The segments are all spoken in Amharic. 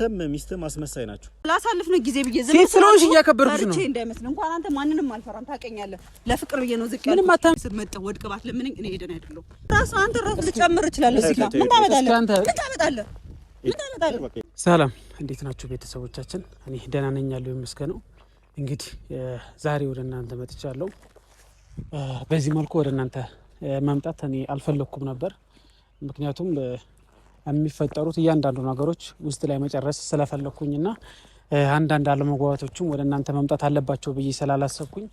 ተም ሚስት ማስመሳይ ናቸው። ላሳልፍ ነው ጊዜ ብዬ ዝም ስለሆንሽ እያከበርኩሽ ነው። እንዳይመስል እንኳን አንተ ማንንም አልፈራም። ታውቀኛለህ፣ ለፍቅር ብዬ ነው ዝቅ ምንም አታም ስትመጣ ወድቅ ባትለምነኝ እኔ ሄደን አይደለም ራሱ አንተ ራሱ ልጨምር እችላለሁ። እዚህ ጋር ምን ታመጣለህ? ምን ታመጣለህ? ምን ታመጣለህ? ሰላም፣ እንዴት ናችሁ ቤተሰቦቻችን? እኔ ደህና ነኝ ያለው ይመስገነው። እንግዲህ ዛሬ ወደ እናንተ መጥቻለሁ። በዚህ መልኩ ወደ እናንተ መምጣት እኔ አልፈለኩም ነበር ምክንያቱም የሚፈጠሩት እያንዳንዱ ነገሮች ውስጥ ላይ መጨረስ ስለፈለግኩኝና አንዳንድ አለመግባባቶችም ወደ እናንተ መምጣት አለባቸው ብዬ ስላላሰብኩኝ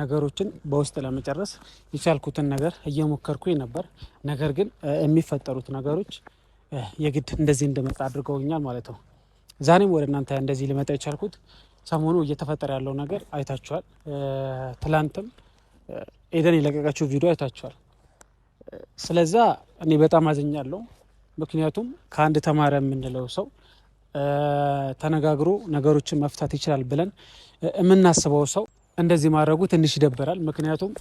ነገሮችን በውስጥ ለመጨረስ የቻልኩትን ነገር እየሞከርኩኝ ነበር። ነገር ግን የሚፈጠሩት ነገሮች የግድ እንደዚህ እንደመጣ አድርገውኛል ማለት ነው። ዛሬም ወደ እናንተ እንደዚህ ልመጣ የቻልኩት ሰሞኑ እየተፈጠረ ያለው ነገር አይታችኋል። ትላንትም ኤደን የለቀቀችው ቪዲዮ አይታችኋል። ስለዛ እኔ በጣም አዝኛለሁ። ምክንያቱም ከአንድ ተማረ የምንለው ሰው ተነጋግሮ ነገሮችን መፍታት ይችላል ብለን የምናስበው ሰው እንደዚህ ማድረጉ ትንሽ ይደብራል። ምክንያቱም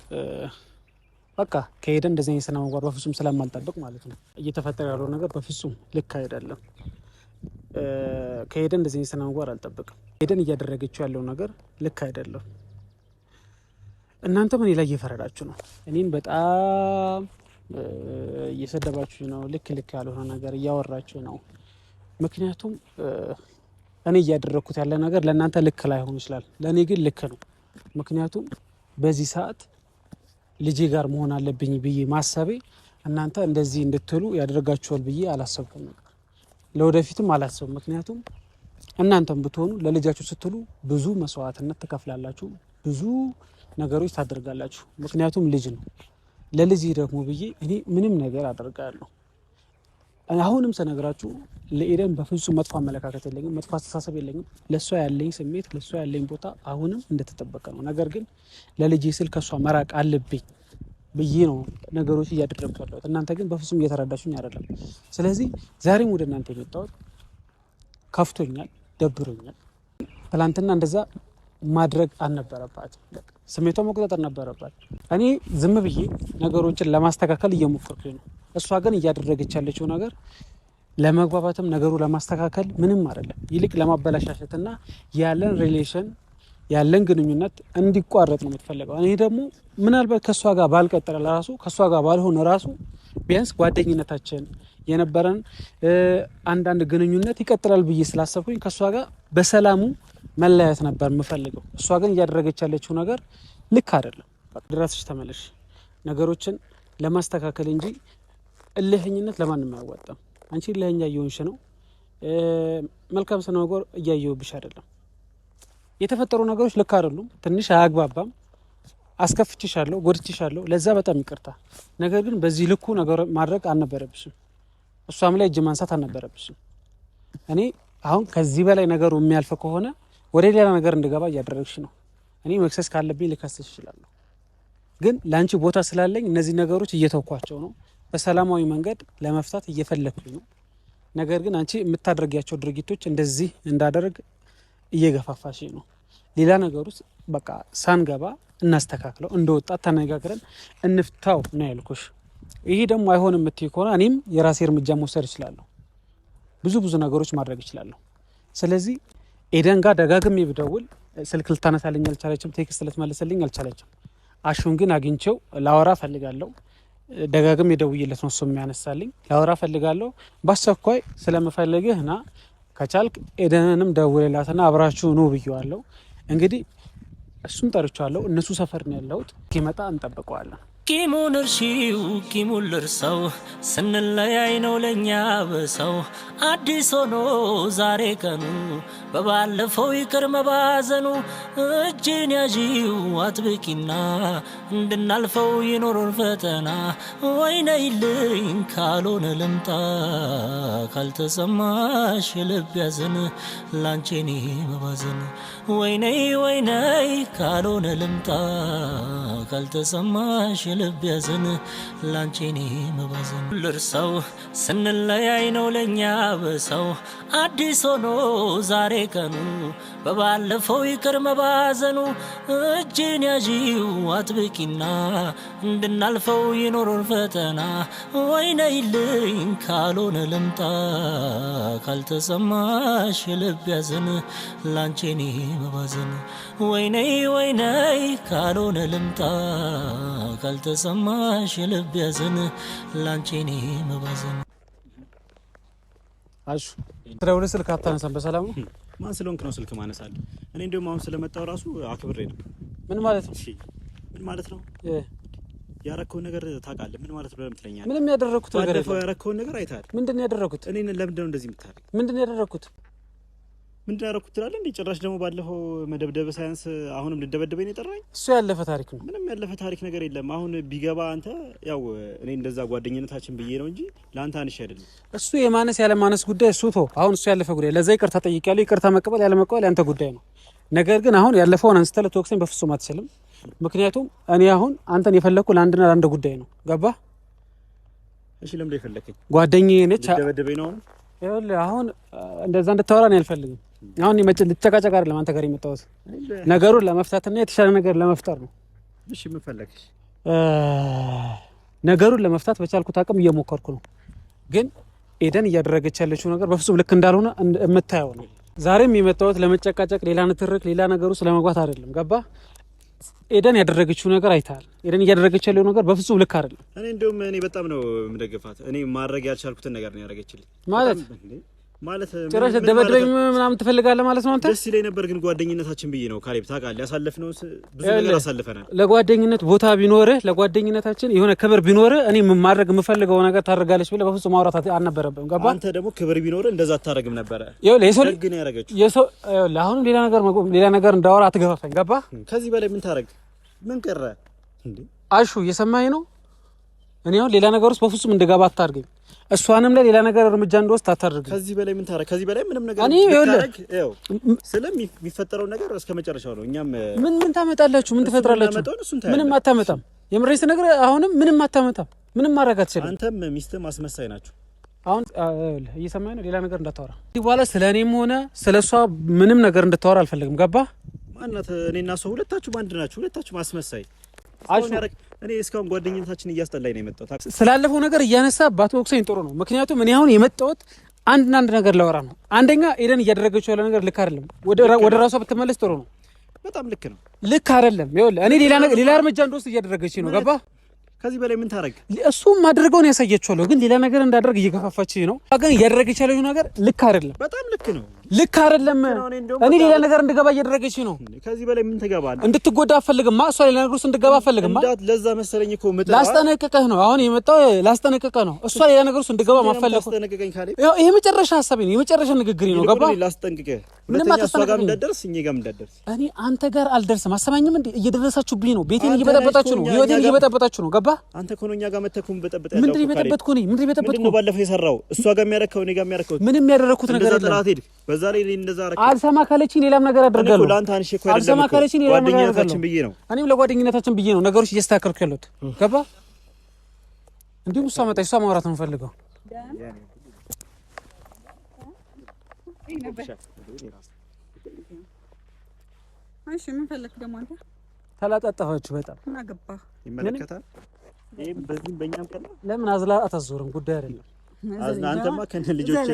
በቃ ከሄደ እንደዚህ አይነት ስነ ምግባር በፍጹም ስለማልጠብቅ ማለት ነው። እየተፈጠረ ያለው ነገር በፍጹም ልክ አይደለም። ከሄደ እንደዚህ አይነት ስነ ምግባር አልጠብቅም። ሄደን እያደረገችው ያለው ነገር ልክ አይደለም። እናንተም እኔ ላይ እየፈረዳችሁ ነው። እኔን በጣም እየሰደባችሁ ነው፣ ልክ ልክ ያልሆነ ነገር እያወራችሁ ነው። ምክንያቱም እኔ እያደረግኩት ያለ ነገር ለእናንተ ልክ ላይሆን ይችላል፣ ለእኔ ግን ልክ ነው። ምክንያቱም በዚህ ሰዓት ልጄ ጋር መሆን አለብኝ ብዬ ማሰቤ እናንተ እንደዚህ እንድትሉ ያደርጋችኋል ብዬ አላሰብኩም ነበር፣ ለወደፊትም አላሰብም። ምክንያቱም እናንተም ብትሆኑ ለልጃችሁ ስትሉ ብዙ መስዋዕትነት ትከፍላላችሁ፣ ብዙ ነገሮች ታደርጋላችሁ። ምክንያቱም ልጅ ነው ለልጅ ደግሞ ብዬ እኔ ምንም ነገር አደርጋለሁ። አሁንም ስነግራችሁ ለኤደን በፍጹም መጥፎ አመለካከት የለኝም፣ መጥፎ አስተሳሰብ የለኝም። ለእሷ ያለኝ ስሜት ለእሷ ያለኝ ቦታ አሁንም እንደተጠበቀ ነው። ነገር ግን ለልጅ ስል ከእሷ መራቅ አለብኝ ብዬ ነው ነገሮች እያደረጉ ያለሁት። እናንተ ግን በፍጹም እየተረዳችሁኝ አይደለም። ስለዚህ ዛሬም ወደ እናንተ የመጣሁት ከፍቶኛል፣ ደብሮኛል። ትላንትና እንደዛ ማድረግ አልነበረባትም። ስሜቷ መቆጣጠር ነበረባት። እኔ ዝም ብዬ ነገሮችን ለማስተካከል እየሞከርኩ ነው። እሷ ግን እያደረገች ያለችው ነገር ለመግባባትም ነገሩ ለማስተካከል ምንም አይደለም፣ ይልቅ ለማበላሻሸትና ያለን ሪሌሽን ያለን ግንኙነት እንዲቋረጥ ነው የምትፈልገው። እኔ ደግሞ ምናልባት ከእሷ ጋር ባልቀጠለ ራሱ ከእሷ ጋር ባልሆነ ራሱ ቢያንስ ጓደኝነታችን የነበረን አንዳንድ ግንኙነት ይቀጥላል ብዬ ስላሰብኩኝ ከእሷ ጋር በሰላሙ መለያየት ነበር የምፈልገው። እሷ ግን እያደረገች ያለችው ነገር ልክ አይደለም። ድራስሽ ተመለሽ። ነገሮችን ለማስተካከል እንጂ እልህኝነት ለማንም አያዋጣም። አንቺ እልህኛ እየሆንሽ ነው። መልካም ስነ ነገር እያየውብሽ አይደለም። የተፈጠሩ ነገሮች ልክ አይደሉም። ትንሽ አያግባባም። አስከፍችሻለሁ፣ ጎድችሻለሁ። ለዛ በጣም ይቅርታ። ነገር ግን በዚህ ልኩ ነገር ማድረግ አልነበረብሽም። እሷም ላይ እጅ ማንሳት አልነበረብሽም። እኔ አሁን ከዚህ በላይ ነገሩ የሚያልፈ ከሆነ ወደ ሌላ ነገር እንድገባ እያደረግሽ ነው። እኔ መክሰስ ካለብኝ ልከስሽ እችላለሁ፣ ግን ለአንቺ ቦታ ስላለኝ እነዚህ ነገሮች እየተውኳቸው ነው። በሰላማዊ መንገድ ለመፍታት እየፈለግኩኝ ነው። ነገር ግን አንቺ የምታደርጊያቸው ድርጊቶች እንደዚህ እንዳደርግ እየገፋፋሽ ነው። ሌላ ነገር ውስጥ በቃ ሳንገባ እናስተካክለው፣ እንደ ወጣት ተነጋግረን እንፍታው ነው ያልኩሽ። ይሄ ደግሞ አይሆን የምትይ ከሆነ እኔም የራሴ እርምጃ መውሰድ እችላለሁ። ብዙ ብዙ ነገሮች ማድረግ እችላለሁ። ስለዚህ ኤደን ጋር ደጋግሜ ብደውል ስልክ ልታነሳልኝ አልቻለችም። ቴክስት ልትመልስልኝ አልቻለችም። አሹን ግን አግኝቼው ላወራ ፈልጋለሁ። ደጋግሜ ደውዬለት ነው እሱ የሚያነሳልኝ። ላወራ ፈልጋለሁ። በአስቸኳይ ስለምፈልግህ ና ከቻልክ ኤደንንም ደውልላትና አብራችሁ ኑ ብየዋለሁ። እንግዲህ እሱም ጠርቻለሁ። እነሱ ሰፈር ነው ያለሁት። እስኪመጣ እንጠብቀዋለን። ቂሙን እርሺው ቂሙን ልርሰው ስንለያይ ነው ለእኛ በሰው አዲስ ሆኖ ዛሬ ቀኑ በባለፈው ይቅር መባዘኑ እጅን ያዢው አጥብቂና እንድናልፈው ይኖረን ፈተና ወይነይልኝ ካልሆነ ልምጣ ካልተሰማሽ ልብ ያዘን ላንቼኔ መባዘን ወይነይ ወይነይ ካልሆነ ልምጣ ካልተሰማሽ ልብ ያዘን ላንቺኒ መባዘን ልርሰው ስንለያይ ነው ለእኛ በሰው አዲስ ሆኖ ዛሬ ቀኑ በባለፈው ይቅር መባዘኑ እጅን ያዢው አትብቂና እንድናልፈው ይኖሮን ፈተና ወይነይልኝ ካልሆነ ልምጣ ካልተሰማሽ ልብ ያዘን ላንቺኒ መባዘን ወይነይ ወይነይ ካልሆነ ልምጣ ካልተሰማሽ ልብ ያዘን ላንቺኔ መባዘን አሹ ትደውል ስልክ አታነሳም። በሰላም ነው? ማን ስለሆንክ ነው ስልክ ማነሳል? እኔ እንደውም አሁን ስለመጣው ራሱ አክብሬ ነው። ምን ማለት ነው? ምን ማለት ነው? ያረከውን ነገር ታውቃለህ። ምን ማለት ነው ለምትለኛለህ? ምንም ያደረኩት ነገር ያደረኩት ነገር አይተሃል። ምንድን ነው ያደረኩት? እኔ ለምንድን ነው እንደዚህ የምታደርግ? ምንድን ነው ያደረኩት? ምንድን ያደረኩት ትላለህ እንዴ? ጭራሽ ደግሞ ባለፈው መደብደብ ሳያንስ አሁንም ልደበደበኝ የጠራኝ። እሱ ያለፈ ታሪክ ነው። ምንም ያለፈ ታሪክ ነገር የለም። አሁን ቢገባ አንተ ያው እኔ እንደዛ ጓደኝነታችን ብዬ ነው እንጂ ለአንተ አንሽ አይደለም። እሱ የማነስ ያለማነስ ጉዳይ እሱ ቶ አሁን እሱ ያለፈ ጉዳይ፣ ለዛ ይቅርታ ጠይቄያለሁ። ይቅርታ መቀበል ያለመቀበል ያንተ ጉዳይ ነው። ነገር ግን አሁን ያለፈውን አንስተ ልትወቅሰኝ በፍጹም አትችልም። ምክንያቱም እኔ አሁን አንተን የፈለግኩ ለአንድና ለአንድ ጉዳይ ነው። ገባ? እሺ፣ ለምደ የፈለግኝ ጓደኝ ነች። አሁን እንደዛ እንድታወራ ነው ያልፈልግም አሁን ይመጭ ልጨቃጨቅ አይደለም አንተ ጋር የመጣሁት ነገሩን ለመፍታትና የተሻለ ነገር ለመፍጠር ነው። እሺ ምን ፈለግሽ? ነገሩን ለመፍታት በቻልኩት አቅም እየሞከርኩ ነው፣ ግን ኤደን እያደረገች ያለችው ነገር በፍጹም ልክ እንዳልሆነ የምታየው ነው። ዛሬም የመጣሁት ለመጨቃጨቅ፣ ሌላ ንትርክ፣ ሌላ ነገር ውስጥ ለመግባት አይደለም። ገባ? ኤደን ያደረገችው ነገር አይተሃል። ኤደን እያደረገች ያለው ነገር በፍጹም ልክ አይደለም። እኔ እንደውም እኔ በጣም ነው የምደግፋት። እኔ ማድረግ ያልቻልኩትን ነገር ነው ያደረገችልኝ ማለት ማለት ጭራሽ ደበድበኝ ምናምን ትፈልጋለህ ማለት ነው አንተ? ደስ ይለኝ ነበር ግን ጓደኝነታችን ብዬ ነው። ካሌብ ታውቃለህ፣ ያሳለፍነው ብዙ ነገር አሳልፈናል። ለጓደኝነት ቦታ ቢኖርህ፣ ለጓደኝነታችን የሆነ ክብር ቢኖርህ እኔ ማድረግ የምፈልገው ነገር ታደርጋለች ብለህ በፍጹም ማውራት አልነበረብም። ገባህ? አንተ ደግሞ ክብር ቢኖርህ እንደዛ አታደርግም ነበረ። አሁንም ሌላ ነገር ሌላ ነገር እንዳወራ አትገፋፋኝ። ገባህ? ከዚህ በላይ ምን ታደርግ ምን ቀረ? እንዴ? አሹ እየሰማኸኝ ነው? እኔ አሁን ሌላ ነገር ውስጥ በፍጹም እንደገባ አታድርገኝ። እሷንም ላይ ሌላ ነገር እርምጃ እንደወስድ አታደርግ። ከዚህ በላይ ምን ታረግ? ከዚህ በላይ ምንም ነገር እኔ ስለሚፈጠረው ነገር እስከ መጨረሻው ነው። እኛም ምን ምን ታመጣላችሁ? ምን ትፈጥራላችሁ? ምንም አታመጣም። የምሬስ ነገር አሁንም ምንም አታመጣም። ምንም ማድረግ አትችልም። አንተም ሚስትም አስመሳይ ናችሁ። አሁን እየሰማኝ ነው። ሌላ ነገር እንዳታወራ እዚህ በኋላ ስለ እኔም ሆነ ስለ እሷ ምንም ነገር እንድታወራ አልፈልግም። ገባህ? ማናት እኔና እሷ ሁለታችሁም አንድ ናችሁ። ሁለታችሁም አስመሳይ እኔ እስካሁን ጓደኝነታችን እያስጠላኝ ነው የመጣሁት። ስላለፈው ነገር እያነሳ ባትወቅሰኝ ጥሩ ነው። ምክንያቱም እኔ አሁን የመጣሁት አንድና አንድ ነገር ላወራ ነው። አንደኛ ኤደን እያደረገችው ያለ ነገር ልክ አይደለም። ወደ ራሷ ብትመለስ ጥሩ ነው። በጣም ልክ ነው። ልክ አይደለም። ይኸውልህ እኔ ሌላ እርምጃ እንደወስድ እያደረገች ነው። ገባህ? ከዚህ በላይ ምን ታደረግ? እሱ ማድረገውን ያሳየችዋለሁ፣ ግን ሌላ ነገር እንዳደረግ እየገፋፋች ነው። ግን እያደረገች ያለው ነገር ልክ አይደለም፣ በጣም ልክ ነው፣ ልክ አይደለም። እኔ ሌላ ነገር እንድገባ እየደረገች ነው። ከዚህ በላይ ምን ትገባለህ? እንድትጎዳ አፈልግማ፣ እሷ ሌላ ነገር ውስጥ እንድገባ አፈልግማ። ለዛ መሰለኝ እኮ ላስጠነቅቅህ ነው አሁን የመጣው ላስጠነቅቅህ ነው። እሷ ሌላ ነገር ውስጥ እንድገባ ማፈልግ ይሄ መጨረሻ ሀሳቤ ነው፣ የመጨረሻ ንግግሬ ነው። ገባ? ላስጠንቅቅህ ሁለተኛ ጋር እንዳትደርስ እኔ ጋር እንዳትደርስ። እኔ አንተ ጋር አልደርስም። አሰማኝም እንዴ? እየደረሳችሁብኝ ነው። ቤቴን እየበጠበጣችሁ ነው። ህይወቴን እየበጠበጣችሁ ነው። ገባ? አንተ እኮ ነው እኛ ጋር ምንድን ነው የበጠበጥኩ? እኔ ምንድን ነው የበጠበጥኩ? ባለፈው የሰራው እሷ ጋር የሚያረከው እኔ ጋር የሚያረከው ምንም ያደረኩት ነገር የለም። ጥራት ሄድ። በዛ ላይ እንደዛ አልሰማ ካለችኝ ሌላም ነገር አደርጋለሁ። ለአንተ እኮ አይደለም። አልሰማ ካለችኝ ሌላም ነገር አደርጋለሁ ብዬ ነው። እኔም ለጓደኝነታችን ብዬ ነው ነገሮች ያለሁት። ገባ? እንዲሁም እሷ መጣች። እሷ ማውራት ነው የምፈልገው እሺ ምን ፈለክ ደግሞ አንተ? ተላጣጣፋችሁ በጣም ምን አገባህ? ይመለከታል። ይሄም በዚህም በእኛም ቀላ ለምን አዝላ አታዞርም? ጉዳይ አይደለም። አንተማ ከነ ልጆች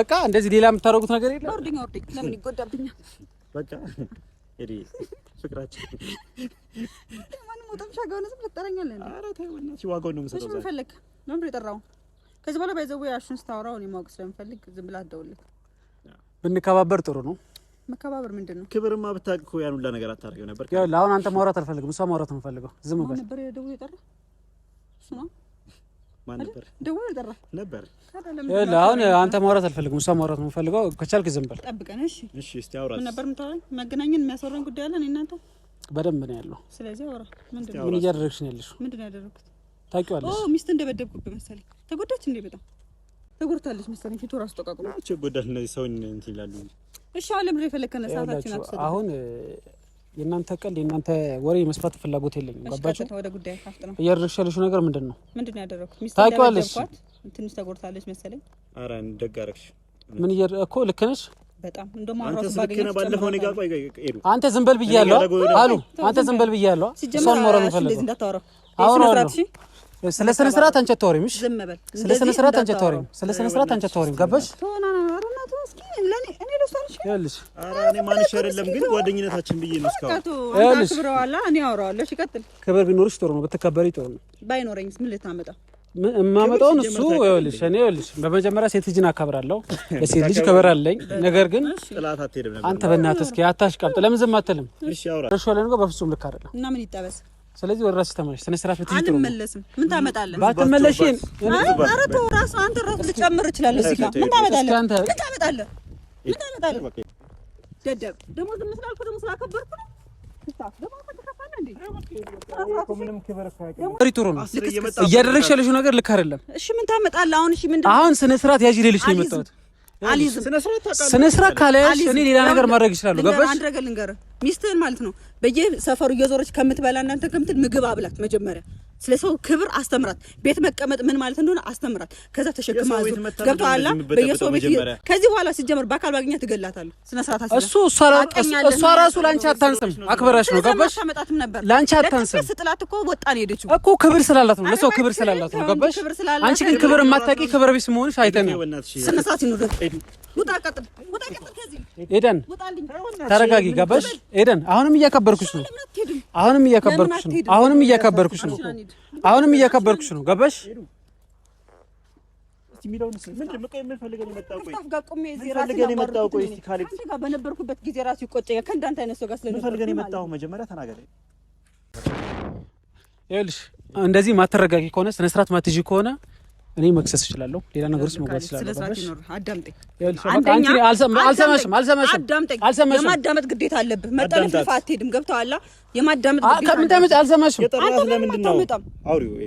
በቃ እንደዚህ ሌላ የምታደርጉት ነገር የለም። ኦርዲኝ ኦርዲኝ ለምን ይጎዳብኛል? በቃ እዲ ፍቅራችን ማንም ወጣም ሻጋውን ዝም ኧረ ተይው ዋጋውን ነው የምሰጠው። ምን ፈለክ? ለምን የጠራኸው? ከዚህ በኋላ ባይዘው ያሹን ስታወራው እኔ ማወቅ ስለምፈልግ ዝም ብላ አትደውልኝ። ብንከባበር ጥሩ ነው። መከባበር ምንድን ነው? ክብርማ ብታውቅ እኮ ያን ሁላ ነገር አታደርገው ነበር። ያው ለአሁን አንተ ማውራት አልፈልግም፣ እሷ ማውራት ነው የምፈልገው። ዝም ብለህ ነበር ደውሎ የጠራ እሱ ነው ማን ነበር አሁን አንተ ማውራት አልፈልግም፣ እሷ ማውራት የምፈልገው። ከቻልክ ዝም ጠብቀን። እሺ፣ እሺ። እስቲ አውራ ነበር መገናኘን የሚያስወራን ጉዳይ አለ እናንተ በደንብ ነው ያለው። ስለዚህ አውራ። ምንድን ነው ምን እያደረግሽ ነው ያለሽው? ምንድን ነው ያደረግኩት? ታውቂዋለሽ። ኦ ሚስት እንደበደብኩብህ መሰለኝ ተጎዳች እንዴ? በጣም ተጎድታለች መሰለኝ። ፊቱ ራሱ ተቃቅሎ እቺ ጎዳል። እነዚህ ሰው እንት ይላሉ። እሺ አለም ብሎ የፈለከነ ሰዓታችን አትሰጥ። አሁን የእናንተ ቀልድ የእናንተ ወሬ መስፋት ፍላጎት የለኝም። ገባችሁ? ወደ ጉዳይ ካፍጥ ነው እያደረግሽ ያለሽው ነገር ምንድን ነው? ምንድን ነው ያደረኩት? ሚስት ታውቂዋለሽ። ትንሽ ተጎድታለች መሰለኝ። ኧረ ደግ አደረግሽ። ምን እያደ እኮ ልክ ነሽ በጣም አንተ ዝም በል ብያለሁ አሉ። አንተ ዝም በል ብያለሁ። እሷን ሞራል እንፈልገው ስለ ስነ ስርዓት አንቺ አታወሪም። እሺ ስለ ስነ ስርዓት አንቺ አታወሪም። ስለ ስነ ስርዓት አንቺ አታወሪም። ገባሽ? ክብር ቢኖርሽ ጥሩ ነው፣ ብትከበሪ ጥሩ ነው። ባይኖረኝስ ምን ልታመጣ የማመጣውን እሱ ይኸውልሽ፣ እኔ ይኸውልሽ፣ በመጀመሪያ ሴት ልጅን አከብራለሁ፣ ለሴት ልጅ ክብር አለኝ። ነገር ግን አንተ በእናትህ እስኪ አታሽቀብጥ። ለምን ዝም አትልም? እሺ ያውራ በፍጹም ልክ አይደለም እና ምን ይጠበስ ስለዚህ ወደ ራስህ ተመለሽ። ስነ ስርዓት ብትይዝ ጥሩ ነው። አንመለስም። ምን ታመጣለህ? አንተ እዚህ ጋር ምን ታመጣለህ? ምን ታመጣለህ? ምን ታመጣለህ? ደደብ ስላልኩ ስላከበርኩ ነገር ልክ አይደለም። እሺ ምን ታመጣለህ አሁን? ስነ ስርዓት ያዥ ልልሽ ነው የመጣሁት። ስነ ስርዓት እኔ ሌላ ነገር ማድረግ ገባሽ? ሚስትህን ማለት ነው በየሰፈሩ እየዞረች ከምትበላ እናንተ ከምትል ምግብ አብላት መጀመሪያ። ስለ ሰው ክብር አስተምራት። ቤት መቀመጥ ምን ማለት እንደሆነ አስተምራት። ከዛ ተሸክማ ዙር ገብተኋላ በየሰው ቤት ከዚህ በኋላ ሲጀመር በአካል ባገኛ ትገላታለህ። ስነ ስርዓት እሷ ራሱ ለአንቺ አታንስም። አክብረሽ ነው ገባሽ? መጣትም ነበር ለአንቺ አታንስም። ስጥላት እኮ ወጣን ሄደች እኮ ክብር ስላላት ነው፣ ለሰው ክብር ስላላት ነው ገባሽ? አንቺ ግን ክብር የማታውቂ ክብር ቢስ መሆንሽ አይተን ነው። ስነ ስርዓት ይኑር። ውጣ፣ ቀጥል፣ ውጣ፣ ቀጥል። ከዚህ ሄደን ተረጋጊ፣ ገባሽ? ኤደን አሁንም እያከበርኩሽ ነው። አሁንም እያከበርኩሽ ነው። አሁንም እያከበርኩሽ ነው። አሁንም እያከበርኩሽ ነው። ገባሽ? በነበርኩበት ጊዜ ራሱ ይቆጨኛል። ከእንዳንተ አይነት ሰው ጋር መጀመሪያ ተናገረኝ። ይኸውልሽ እንደዚህ ከሆነ ስነስርዓት ማትጂ ከሆነ እኔ መክሰስ እችላለሁ። ሌላ ነገር ውስጥ መግባት እችላለሁ። አልሰማሽም አልሰማሽም። የማዳመጥ ግዴታ አለብህ። መጠረፍ ልፋ አትሄድም። ገብተዋላ የማዳመጥ ግዴታ አልሰማሽም።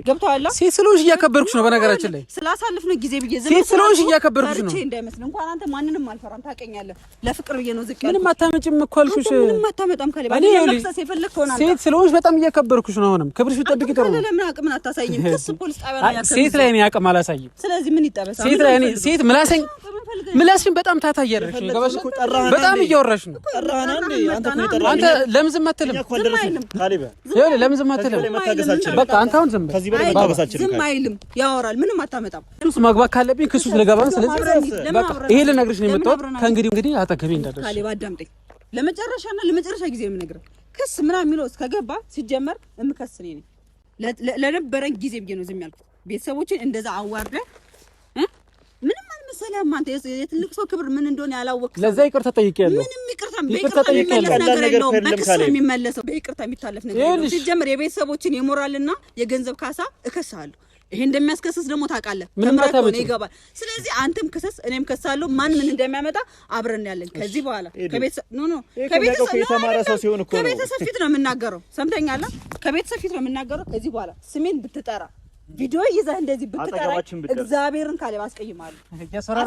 ገብተዋላ ሴት ስለሆንሽ እያከበርኩሽ ነው። በነገራችን ላይ ስላሳልፍነው ጊዜ ብዬ ሴት ስለሆንሽ እያከበርኩሽ ነው እንዳይመስል። እንኳን አንተ ማንንም አልፈራም። ታውቀኛለህ። ለፍቅር ብዬ ነው ዝቅ ያልኩት። ምንም አታመጭም እኮ አልኩሽ። ምንም አታመጣም። ሴት ስለሆንሽ በጣም እያከበርኩሽ ነው። አሁንም ክብርሽ ብትጠብቂ ጥሩ ነው። ሴት ላይ ነው ያቀማል አላሳይም። ስለዚህ ምን ይጠበሳል? ሴት ላይ እኔ ሴት ምላሰኝ ምላስሽን በጣም ታታ ታታያለሽ። በጣም እያወራሽ ነው። አንተ ለምን ዝም አትልም? ለምን ዝም አትልም? በቃ አንተ አሁን ዝም ዝም አይልም፣ ያወራል። ምንም አታመጣም። ክሱስ መግባት ካለብኝ ክሱስ ልገባ ስለዚህ በቃ ይሄ ልነግርሽ ነው የመጣሁት። ከእንግዲህ እንግዲህ አጠገቤ እንዳለሽ ካሌብ አዳምጠኝ። ለመጨረሻና ለመጨረሻ ጊዜ የምነግርህ ክስ ምናምን የሚለው እስከገባ ሲጀመር እምከስ እኔ ነኝ። ለነበረን ጊዜ ብዬ ነው ዝም ያልኩት። ቤተሰቦችን እንደዛ አዋርደ ምንም አልመሰለህም። አንተ የትልቅ ሰው ክብር ምን እንደሆነ ያላወቅህ። ለዛ ይቅርታ ጠይቄያለሁ። ምንም ይቅርታ በይቅርታ የሚመለስ ነገር የለውም። በክስ የሚመለሰው። በይቅርታ የሚታለፍ ነገር ነው። ሲጀምር የቤተሰቦችን የሞራልና የገንዘብ ካሳ እከሳለሁ። ይሄ እንደሚያስከስስ ደግሞ ታውቃለህ። ተምራት ነው ይገባል። ስለዚህ አንተም ክሰስ፣ እኔም ከሳለሁ። ማን ምን እንደሚያመጣ አብረን ያለን ከዚህ በኋላ ከቤተሰብ ኖ ኖ ከቤተሰብ የተማረ ሰው ሲሆን እኮ ነው ከቤተሰብ ፊት ነው የምናገረው። ሰምተኛለህ? ከቤተሰብ ፊት ነው የምናገረው። ከዚህ በኋላ ስሜን ብትጠራ ቪዲዮ ይዘህ እንደዚህ ብትቀራይ እግዚአብሔርን ካለ አስቀይማለሁ፣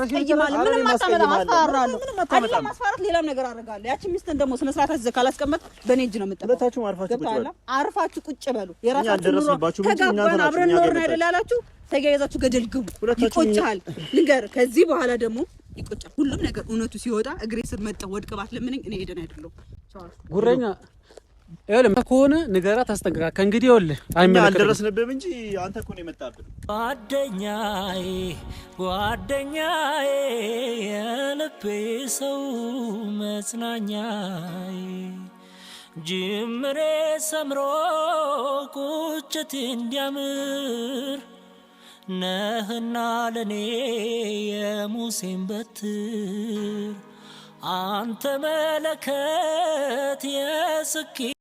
አስቀይማለሁ። ምንም አታመጣም፣ አስፈራራለሁ። አይደለም ማስፈራራት፣ ሌላም ነገር አደርጋለሁ። ያቺን ሚስትን ደግሞ ስነ ስርዓት ይዘህ ካላስቀመጥ በእኔ እጅ ነው የምጠፋው። ሁለታችሁም አርፋችሁ ቁጭ በሉ። የራሳችሁ ኑሮ ተጋባን አብረን ኖርን አይደል ያላችሁ፣ ተያይዛችሁ ገደል ግቡ። ይቆጭሃል፣ ልንገርህ። ከዚህ በኋላ ደግሞ ይቆጫል። ሁሉም ነገር እውነቱ ሲወጣ እግሬ ስር መጣ ወድቀባት ለምንኝ እኔ ሄደን አይደለሁ ጉረኛ ይኸውልህ ከሆነ ንገራት፣ አስጠንቅቃት። ከእንግዲህ ይኸውልህ አልደረስንብህም እንጂ አንተ እኮ ነው የመጣብህ። ጓደኛዬ ጓደኛዬ፣ የልቤ ሰው መጽናኛዬ፣ ጅምሬ ሰምሮ ቁጭት እንዲያምር ነህና ለኔ የሙሴን በትር አንተ መለከት የስኪ